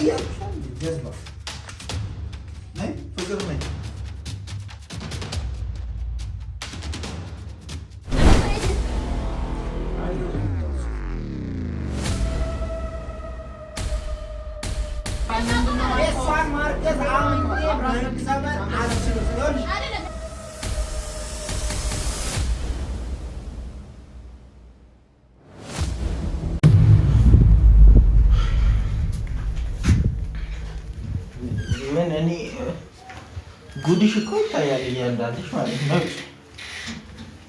aí é mesma. Né? o momento.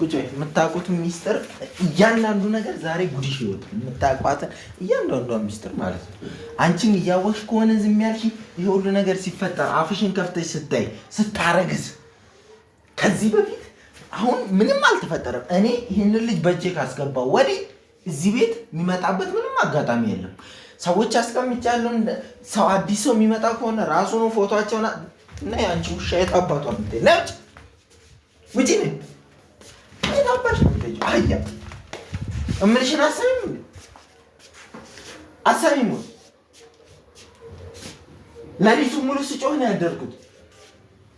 ቁጭ በይ። ሚስጥር እያንዳንዱ ነገር ዛሬ ጉድሽ ይወጣል። የምታውቋትን እያንዳንዷ ሚስጥር ማለት ነው። አንቺም እያወቅሽ ከሆነ ዝም ያልሽ ይሄ ሁሉ ነገር ሲፈጠር አፍሽን ከፍተሽ ስታይ ስታረግዝ ከዚህ በፊት አሁን ምንም አልተፈጠረም። እኔ ይህንን ልጅ በእጄ ካስገባው ወዲህ እዚህ ቤት የሚመጣበት ምንም አጋጣሚ የለም። ሰዎች አስቀምጫለሁ። ሰው አዲስ ሰው የሚመጣ ከሆነ ራሱ ነው ፎቶቸውና እና የአንቺ ውሻ የት አባቷ ምት ነጭ ውጪ ነ የት አባሽ እምልሽን ሙሉ ስጮህ ነው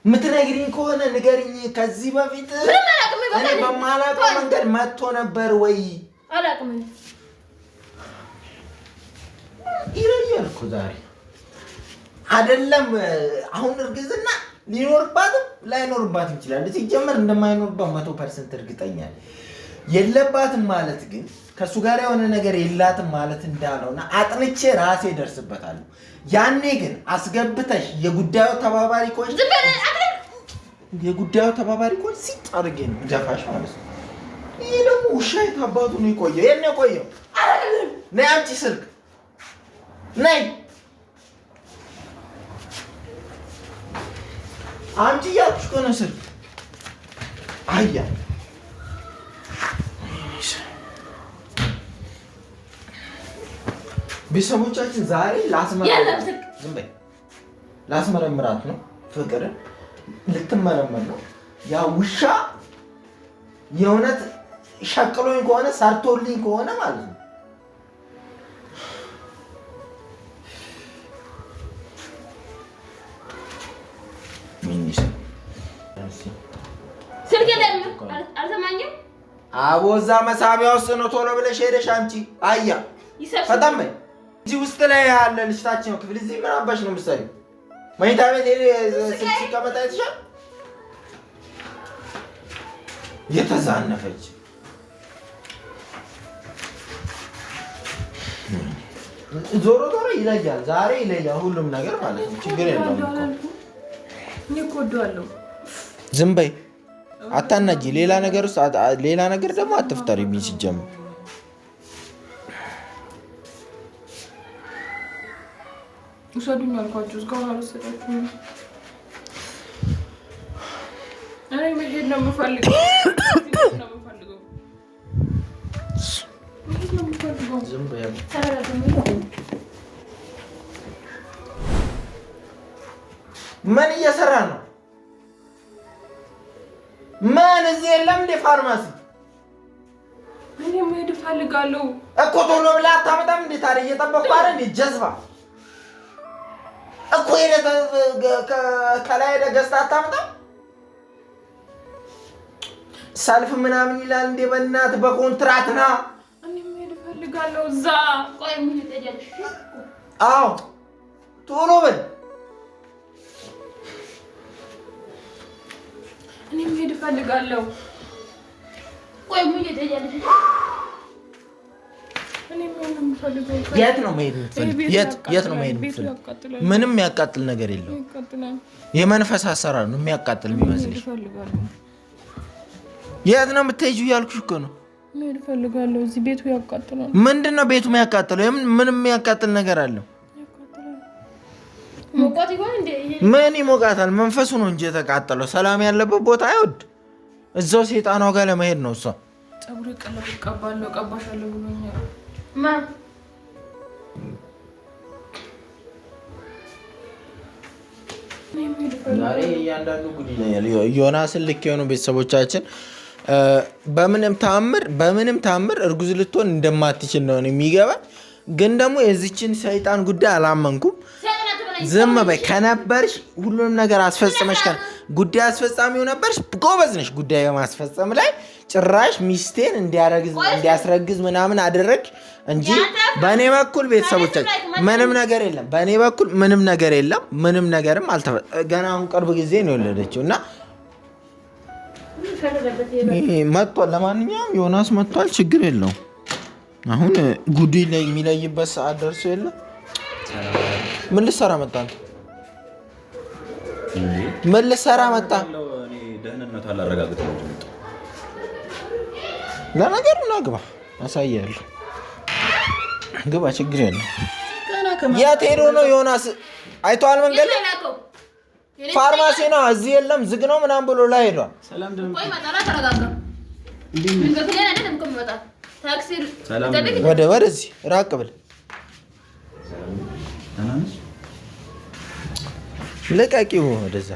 የምትነግሪኝ ከሆነ ንገሪኝ። ከዚህ በፊት እኔ በማላውቀው መንገድ መጥቶ ነበር ወይ? አላውቅም እኮ ዛሬ አይደለም አሁን እርግዝና ሊኖርባትም ላይኖርባትም ይችላል። ሲጀመር እንደማይኖርባት መቶ ፐርሰንት እርግጠኛል። የለባትም ማለት ግን ከእሱ ጋር የሆነ ነገር የላትም ማለት እንዳለውና አጥንቼ ራሴ ደርስበታለሁ። ያኔ ግን አስገብተሽ የጉዳዩ ተባባሪ ከሆንሽ የጉዳዩ ተባባሪ ከሆንሽ ሲጥ አድርጌ ነው ደፋሽ ማለት ነው። ይህ ደግሞ ውሻ የት አባቱ ነው የቆየው? የት ነው የቆየው? ነይ አንቺ ስልክ ነይ አንቺ እያልኩሽ እኮ ነው ስልክ አያ ቤተሰቦቻችን ዛሬ ላስመረምራት ነው። ፍቅርን ልትመረምር ነው። ያ ውሻ የእውነት ሸቅሎኝ ከሆነ ሰርቶልኝ ከሆነ ማለት ነው አቦ እዛ መሳቢያ ውስጥ ነው። ቶሎ ብለሽ ሄደሽ አንቺ አያ ፈጣን እዚ እዚህ ውስጥ ላይ ያለ ልጅታች ነው ክፍል። እዚህ ምን አባሽ ነው ምሳሌ መኝታ ቤት ሲቀመጣ ይትሻል። የተዛነፈች ዞሮ ዞሮ ይለያል። ዛሬ ይለያል ሁሉም ነገር ማለት ነው። ችግር የለውም። ዝም በይ አታናጂ። ሌላ ነገር ውስጥ ሌላ ነገር ደግሞ አትፍጠር የሚል ሲጀምር ውሰዱኝ አልኳቸው። እስካሁን አልወሰዳችሁም። እኔ መሄድ ነው የምፈልገው። ምን እየሰራ ነው? ማን እዚህ የለም ፋርማሲ እኔ መሄድ እፈልጋለሁ እኮ። ቶሎ ብላ አታመጣም እንዴ? ታዲያ እየጠበኩህ አረ እንዴ ጀዝባ እኮ ሄደህ ከላይ አታመጣም? ሰልፍ ምናምን ይላል እንዴ? በእናትህ በኮንትራት ና። እኔ መሄድ እፈልጋለሁ እዛ። ቆይ ምን ይጠያለሽ? አዎ ቶሎ በል እኔ መሄድ እፈልጋለሁ። ቆይ የት ነው መሄድ የምትፈልጊው? የት ነው መሄድ የምትፈልጊው? ምንም የሚያቃጥል ነገር የለውም። የመንፈስ አሰራር ነው የሚያቃጥል የሚመስልሽ። የት ነው የምትሄጂው እያልኩሽ እኮ ነው። መሄድ እፈልጋለሁ። እዚህ ቤቱ ያቃጥላል። ምንድን ነው ቤቱ የሚያቃጥለው? ምን የሚያቃጥል ነገር አለው? ምን ይሞቃታል? መንፈሱ ነው እንጂ የተቃጠለው። ሰላም ያለበት ቦታ አይወድ። እዛው ሴጣኗ ጋር ለመሄድ ነው እሷ ዮናስን ልክ የሆኑ ቤተሰቦቻችን በምንም ታምር በምንም ታምር እርጉዝ ልትሆን እንደማትችል ነው የሚገባ ግን ደግሞ የዚችን ሰይጣን ጉዳይ አላመንኩም። ዝም በይ ከነበርሽ ሁሉንም ነገር አስፈጽመሽ ጉዳይ አስፈጻሚው ነበርሽ። ጎበዝ ነሽ ጉዳይ በማስፈጸም ላይ ጭራሽ ሚስቴን እንዲያስረግዝ ምናምን አደረግ እንጂ በእኔ በኩል ቤተሰቦቻችን ምንም ነገር የለም። በእኔ በኩል ምንም ነገር የለም። ምንም ነገርም አልተፈ ገና አሁን ቅርብ ጊዜ ነው የወለደችው እና መጥቷል። ለማንኛውም ዮናስ መጥቷል፣ ችግር የለውም። አሁን ጉዲ ላይ የሚለይበት ሰዓት ደርሶ የለም ምን ልትሰራ መጣ? ምን ልትሰራ መጣ? ደህንነት አላረጋግጥ ነው። ለነገሩ ና ግባ፣ አሳያለሁ። ግባ፣ ችግር የለም። የት ሄዶ ነው ዮናስ? አይተዋል መንገድ ፋርማሲ ነው። እዚህ የለም ዝግ ነው ምናምን ብሎ ላይ ሄዷል። ወደዚህ ራቅ ብል ልቀቂው፣ ወደዛ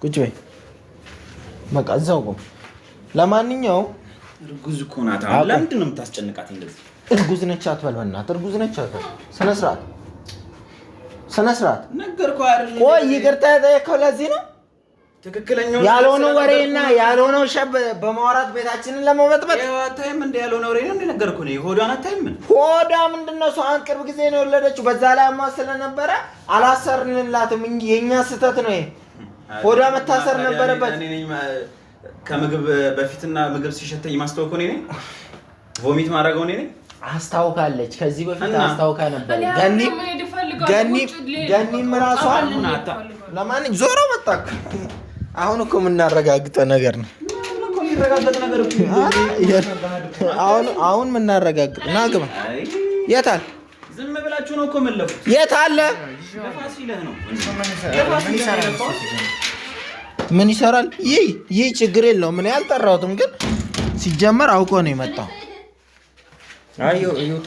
ቁጭ በይ። በቃ እዛው ቆም። ለማንኛውም እርጉዝ እኮ ናት። ለምንድን ነው የምታስጨንቃት እንደዚህ? እርጉዝ ነች አትበል፣ በእናትህ እርጉዝ ነች አትበል። ስነ ስርዓት፣ ስነ ስርዓት። ቆይ ይቅርታ የጠየከው ለዚህ ነው ትክክለኛው ያልሆነው ወሬና ያልሆነው ሸብ በማውራት ቤታችንን ለመበጥበጥ ታይም እንደ ያልሆነ ወሬ ነው እንደነገርኩህ ነው። ሆዷን አታይም? ሆዷ ምንድን ነው? ሰው ቅርብ ጊዜ ነው የወለደችው። በዛ ላይ አማ ስለነበረ አላሰርንላትም እንጂ የእኛ ስህተት ነው። ሆዷ መታሰር ነበረበት። ከምግብ በፊትና ምግብ ሲሸተኝ ማስታወቅ እኔ ቮሚት ማድረገው እኔ ነኝ። አስታውካለች። ከዚህ በፊት አስታውካ ነበር። ገኒ ገኒ ገኒም ራሷ ለማንኛውም ዞሮ መጣ አሁን እኮ የምናረጋግጠ ነገር ነው። አሁን የምናረጋግጥ ና ግባ። የት አለ? ዝም ብላችሁ ነው እኮ መለኩት። የት አለ? ምን ይሰራል? ይህ ይህ ችግር የለውም። እኔ አልጠራሁትም፣ ግን ሲጀመር አውቆ ነው የመጣው። ይውጣ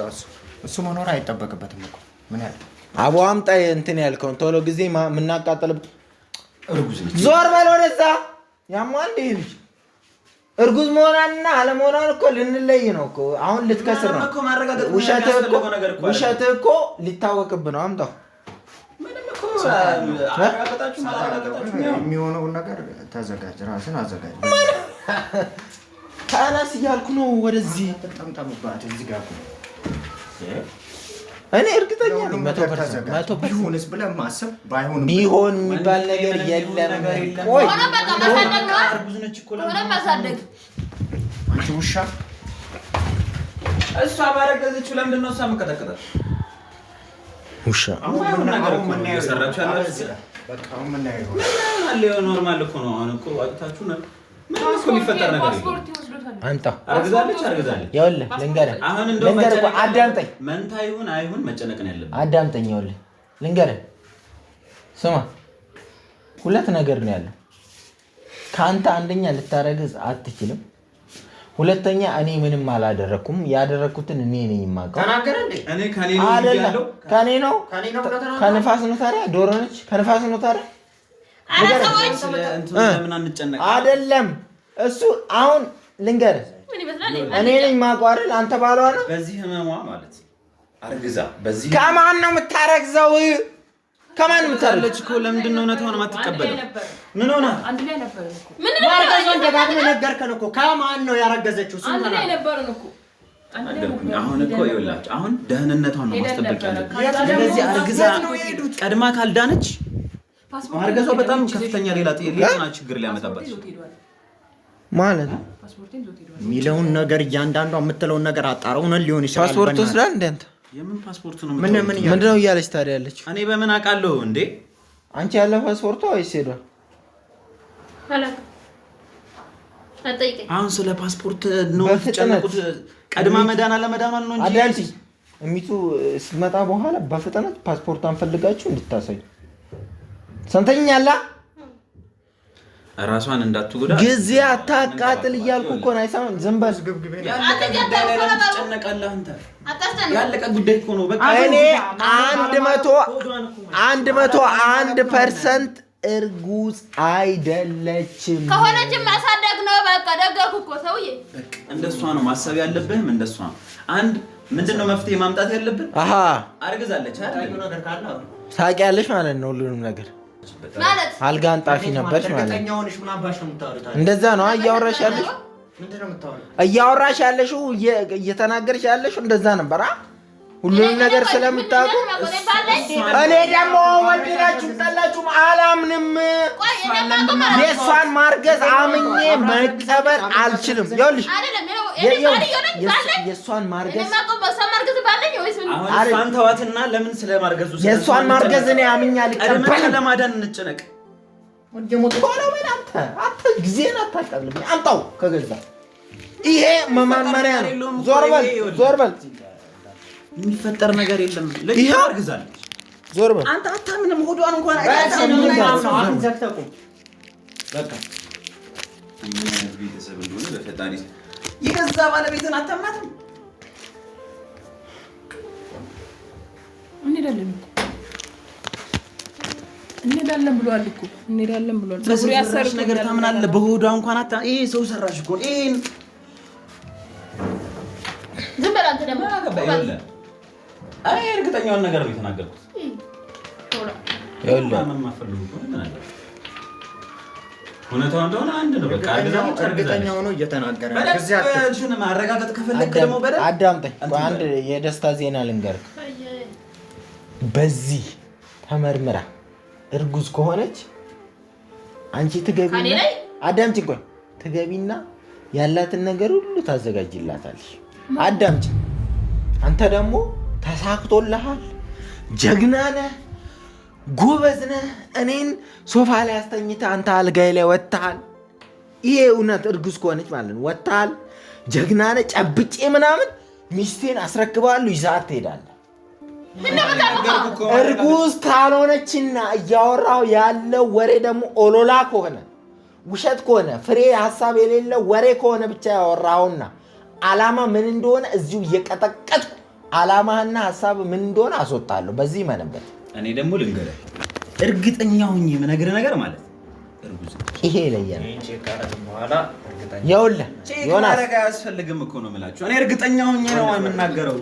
እሱ መኖር አይጠበቅበትም እኮ ምን ያህል አቦ አምጣ እንትን ያልከውን ቶሎ ጊዜ የምናቃጠልበት ዞር በል ወደዛ። ያሟል ይሄ ልጅ እርጉዝ መሆኗንና አለመሆኗን እኮ ልንለይ ነው እኮ አሁን ልትከስር ነው። ውሸትህ እኮ ሊታወቅብህ ነው። አምጣው የሚሆነውን ነገር ተዘጋጅ፣ ራስን አዘጋጅ። ተነስ እያልኩ ነው ወደዚህ እኔ እርግጠኛ ነኝ መቶ ፐርሰንት መቶ ቢሆንስ ብለህ ማሰብ ባይሆን ቢሆን የሚባል ነገር የለም። ቆይ አንቺ ውሻ፣ እሷ ባረገዘችው ለምንድን ነው እሷ የምትቀጠቅጠው? ውሻ ኖርማል እኮ ነው። አሁን እኮ ምን ሊፈጠር ነገር አንጣ አርግዛለች አዳምጠኝ። መንታ ይሁን አይሁን መጨነቅ ነው አዳምጠኝ፣ ስማ፣ ሁለት ነገር ነው ያለው። ከአንተ አንደኛ ልታረግዝ አትችልም፣ ሁለተኛ እኔ ምንም አላደረኩም። ያደረኩትን እኔ ነኝ የማውቀው። አይደለም ከኔ ነው ከንፋስ ነው። ታዲያ ዶሮ ነች ከንፋስ ነው ታዲያ አይደለም እሱ አሁን ልንገር፣ እኔ ነኝ ማቋረል። አንተ ባሏ ነው። በዚህ ህመሟ ማለት አርግዛ በዚህ ከማን ነው የምታረግዘው? ከማን ምታለች እኮ ለምንድን ነው እውነታውን የማትቀበለው? ምን ሆነ? አንድ ላይ ነበር እኮ ምን ነው? ነገርከን እኮ ከማን ነው ያረገዘችው? አንድ ላይ ነበር እኮ አሁን እኮ ይኸውላችሁ፣ አሁን ደህንነቷን ነው ማስጠበቅ ያለብን። ስለዚህ አርግዛ ቀድማ ካልዳነች ማርገዟ በጣም ከፍተኛ ሌላ ጤና ችግር ሊያመጣባት ማለት የሚለውን ነገር እያንዳንዷ የምትለውን ነገር አጣረው ነው ሊሆን ይችላል። ፓስፖርት ወስዳል እንደ አንተ የምን ፓስፖርት ነው? ምንድን ነው እያለች ታዲያ ያለች? እኔ በምን አውቃለሁ እንዴ? አንቺ ያለ ፓስፖርቱ ወይስ ሄዷል? አሁን ስለ ፓስፖርት ነው የምትጨነቁት? ቀድማ መዳን አለመዳኗን ነው እንጂ እሚቱ ስትመጣ በኋላ በፍጥነት ፓስፖርት አንፈልጋችሁ እንድታሳዩ ሰንተኛላ ራሷን እንዳትጎዳ ጊዜ አታቃጥል እያልኩ እኮ ነው። አይሰማም። ዝም በል ያለቀ ጉዳይ እኮ ነው። በቃ እኔ አንድ መቶ አንድ መቶ አንድ ፐርሰንት እርጉዝ አይደለችም። ከሆነችም ማሳደግ ነው። በቃ ደገኩ እኮ ሰውዬ። እንደሷ ነው ማሰብ ያለብህም፣ እንደሷ ነው። አንድ ምንድነው መፍትሄ ማምጣት ያለብን። አርግዛለች ታውቂያለሽ ማለት ነው ሁሉንም ነገር አልጋ አንጣፊ ነበርሽ ማለት እንደዛ ነው እያወራሽ ያለሽው እየተናገርሽ ያለሽው እንደዛ ነበር። ሁሉንም ነገር ስለምታውቁ እኔ ደግሞ ወደዳችሁም ጠላችሁም አላምንም። የእሷን ማርገዝ አምኜ መቀበል አልችልም። ይኸውልሽ የእሷን ማርገዝ አሁን ተዋትና ለምን ስለማርገዙ የእሷን ማርገዝ እኔ አምኜ አልቀበልም። ለማዳን እንጨነቅ። ጊዜን አታቀብልም። አምጣው ከገዛ ይሄ መማመሪያ ነው። ዞር በል ዞር በል የሚፈጠር ነገር የለም። ለይህ አርግዛለች። ዞር በል አንተ አታምንም። ሆዷን እንኳን ቤተሰብ እንደሆነ በፈጣሪ የገዛ ባለቤትን አታምናትም። እንሄዳለን እንሄዳለን ብሏል እኮ እንሄዳለን ብሏል። በሰው ሰራሽ ነገር ታምናለህ? በሆዷ እንኳን አታ ይሄ ሰው ሰራሽ እኮ ይሄን ዝም በል አንተ ደግሞ አይ እርግጠኛውን ነገር ነው የተናገርኩት። እውነታው እንደሆነ አንድ ነው። በቃ እርግጠኛ ሆኖ እየተናገረ ማረጋገጥ ከፈለግ ደግሞ አዳምጠኝ። አንድ የደስታ ዜና ልንገርህ። በዚህ ተመርምራ እርጉዝ ከሆነች አንቺ ትገቢና አዳምጪኝ፣ ቆይ ትገቢና ያላትን ነገር ሁሉ ታዘጋጅላታለሽ። አዳምጪኝ አንተ ደግሞ ተሳክቶልሃል፣ ጀግና ነህ፣ ጎበዝ ነህ። እኔን ሶፋ ላይ አስተኝተህ አንተ አልጋይ ላይ ወጥተሃል። ይሄ እውነት እርጉዝ ከሆነች ማለት ነው ወጥተሃል፣ ጀግና ነህ። ጨብጬ ምናምን ሚስቴን አስረክባለሁ፣ ይዛት ትሄዳለህ። እርጉዝ ካልሆነችና እያወራው ያለው ወሬ ደግሞ ኦሎላ ከሆነ ውሸት ከሆነ ፍሬ ሀሳብ የሌለው ወሬ ከሆነ ብቻ ያወራውና አላማ ምን እንደሆነ እዚሁ እየቀጠቀጥኩ አላማህና ሀሳብ ምን እንደሆነ አስወጣለሁ። በዚህ መንበት እኔ ደግሞ ልንገረ እርግጠኛ ሁኝ የምነግርህ ነገር ማለት ይሄ ይለያል። ይኸውልህ ዮናስ አያስፈልግም እኮ ነው የምላችሁ። እኔ እርግጠኛ ሁኝ ነው የምናገረው።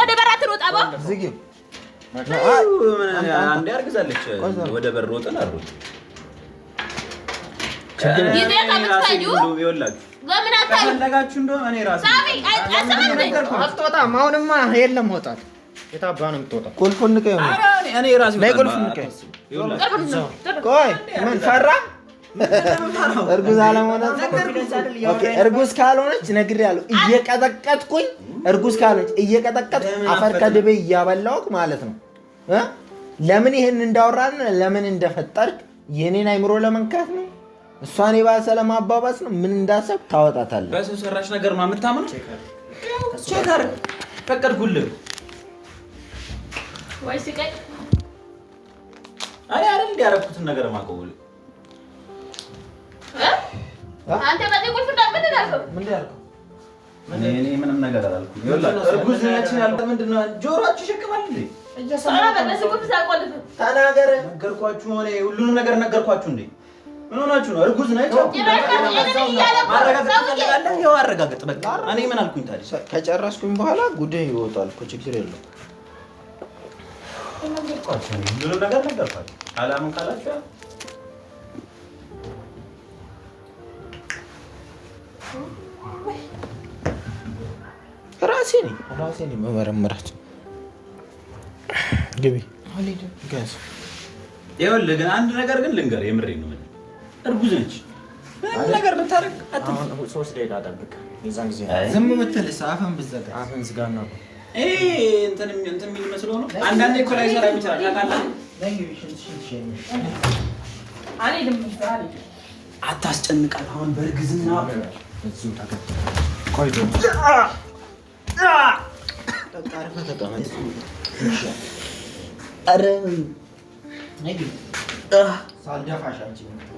ወደ በራ ትሮጣ አንዴ አርግዛለች። ወደ በር ወጥን አሮች ይላችሁ በምን አታፈለጋችሁ እንደሆነ እኔ ራሴ አሁንማ የለም እርጉዝ ካልሆነች ነግሬያለሁ። እየቀጠቀጥኩኝ እርጉዝ ካልሆነች እየቀጠቀጥኩ አፈር ቀድቤ እያበላሁት ማለት ነው። ለምን ይሄን እንዳወራን ለምን እንደፈጠርክ የኔን አይምሮ ለመንካት ነው እሷን የባሰ ለማባባስ ነው። ምን እንዳሰብ ታወጣታለህ። በሰው ሰራሽ ነገር ማምታምን ቸጋር ፈቀድኩልህ ወይ ሲቀይ አይ አረ እንዲያረኩትን ነገር ማቀውል አንተ ምን እንዳልከው ምን እንዳልከው እኔ ምንም ነገር አላልኩም። ይኸውልህ እርጉዝ ነች ምንድን ነው? ጆሮአችሁ ይሸክማል እንዴ? ተናገረ ነገርኳችሁ። ሆነ ሁሉንም ነገር ነገርኳችሁ እንዴ? ምን ሆናችሁ ነው? እርጉዝ ነች። አረጋግጥ። በቃ እኔ ምን አልኩኝ ታዲያ? ከጨረስኩኝ በኋላ ጉድህ ይወጣል እኮ ችግር የለውም። ምንም ነገር ነገርኳት። አላምን ካላችሁ ራሴ ነኝ ራሴ ነኝ መመረምራት ግቢ። ይኸውልህ ግን አንድ ነገር ግን ልንገርህ፣ የምሬን ነው እርጉዝ ነች። ምን ነገር ብታረግ ሶስት ደቂቃ ጠብቅ። የዛን ጊዜ ዝም ብትል አፈን ብዘጋ አፈን ዝጋ ነው እንትን የሚል መስሎ ነው። አንዳንዴ እኮ ላይ ሰራ ይችላል። አታስጨንቃል። አሁን በእርግዝና ቆይ ተቀመጥ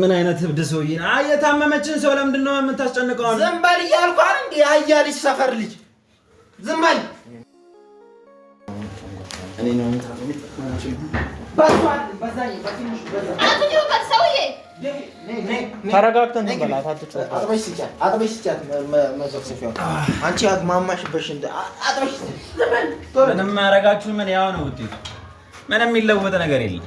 ምን አይነት እብድ ሰውዬ ነው? የታመመችን ሰው ለምንድን ነው የምታስጨንቀው? ዝም በል እያልኩህ አይደል እንዴ? አያ ልጅ ሰፈር ልጅ ዝም በል። እኔ ነው አንቺ አግማማሽበት ሽንት አጥበሽ። ምንም ያረጋችሁ ምን ያው ነው ውጤቱ። ምንም የሚለወጥ ነገር የለም።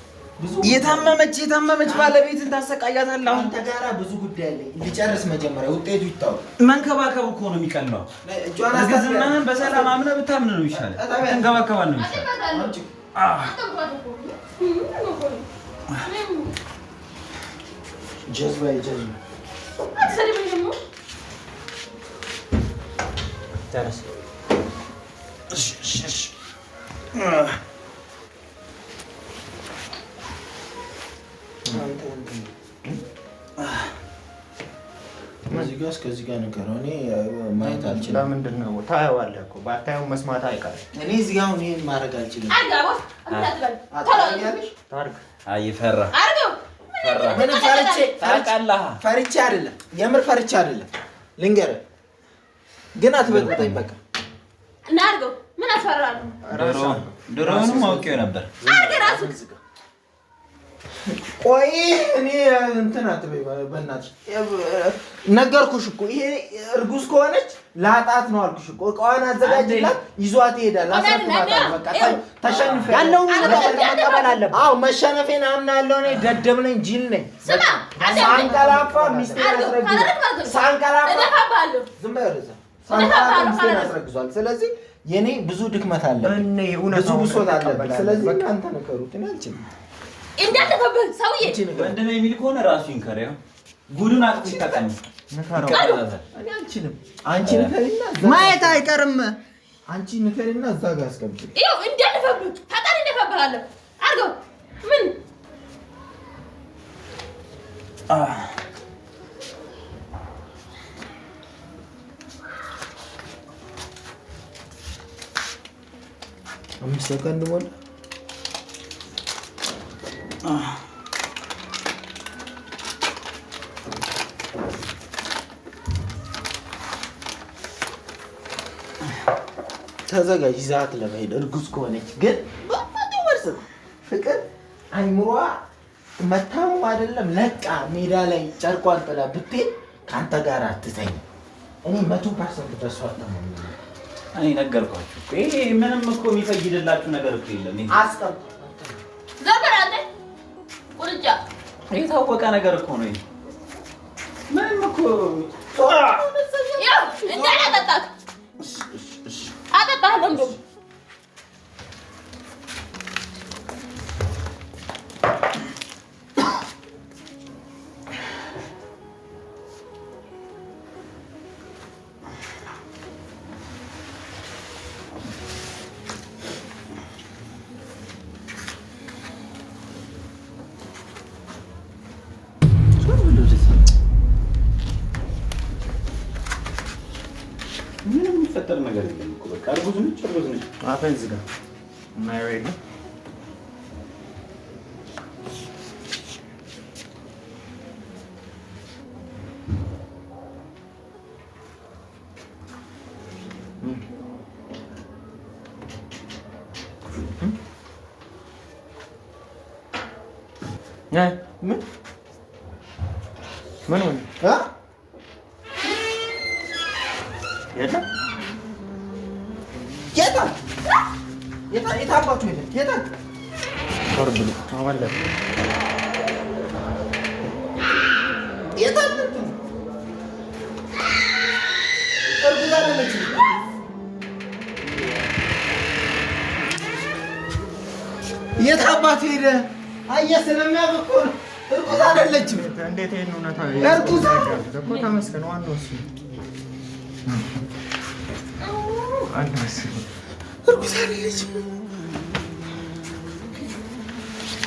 የታመመች የታመመች ባለቤትን ታሰቃያታለህ። አንተ ጋራ ብዙ ጉዳይ አለ። እንዲጨርስ መጀመሪያ ውጤቱ ይታወቅ። መንከባከብ እኮ ነው የሚቀለው። ዝናህን በሰላም አምነህ ብታምን ነው ይሻላል። ተንከባከባል ነው ይሻላል። እዚህ ጋ እስከዚህ ጋ ነገር እኔ ማየት አልችልም። ለምንድን ነው ታየዋለህ እኮ ባታየው መስማት አይቀርም። እኔ እዚህ ጋ አሁን ይሄን ማድረግ አልችልም። ፈርቼ አይደለም፣ የምር ፈርቼ አይደለም። ልንገርህ ግን አትበጥብጠኝ። በቃ እናድርገው። ምን አስፈራለሁ? ድሮውንም አውቄው ነበር። ቆይ እኔ እንትን አትበይ በእናትሽ ነገርኩሽ እኮ ይሄ እርጉዝ ከሆነች ላጣት ነው አልኩሽ እኮ እቃዋን አዘጋጅላት ይዟት ይሄዳል ተሸንፌ ያለው መቀበል አዎ መሸነፌን አምናለሁ እኔ ደደብ ነኝ ጅል ነኝ ሳንቀላፋ ሚስቴን አስረግዟል ሳንቀላፋ ዝም በይ ወደ እዛ ሳንቀላፋ ሚስቴን አስረግዟል ስለዚህ ብዙ ድክመት አለብኝ ብዙ ብሶት አለብኝ ስለዚህ በቃ እንተነከሩት እኔ አልችልም እንዳለፈብህ ሰውዬ ወንድ ነው የሚል ከሆነ ራሱ ጉዱን አጥቶ ይታቀም ማየት አይቀርም። አንቺ ንከሪና እዛ ጋር አስቀምጪ። ይኸው እንዳለፈብህ ፈጣን አድርገው ምን አምስት ሰከንድ ሞላ ተዘጋጅ ይዛት ለመሄድ እርጉዝ ከሆነች ግን በመደወርስ ፍቅር አይምሯ መታሙ አይደለም ለቃ ሜዳ ላይ ጨርቋን ጥላ ብትሄድ ከአንተ ጋር አትተኝ። እኔ መቶ ፐርሰንት ደርሷል። እኔ ነገርኳችሁ። ይሄ ምንም እኮ የሚፈይድላችሁ ነገር እኮ የለም። አስቀምጥ ዘበራለን እርምጃ የታወቀ ነገር እኮ ነው። ምንም እኮ እንዳላጠጣህ አጠጣህ ለምዶ አፈን ዝጋ የማይረው የለም። ምን ምን ሆነ? አብራችሁ ሄደ ጌታ ወርብሉ አማለ የት አባት ሄደ? አየህ ስለሚያውቅ እርጉዝ አይደለችም። እንዴት ይሄን እውነታ እርጉዝ አይደለችም።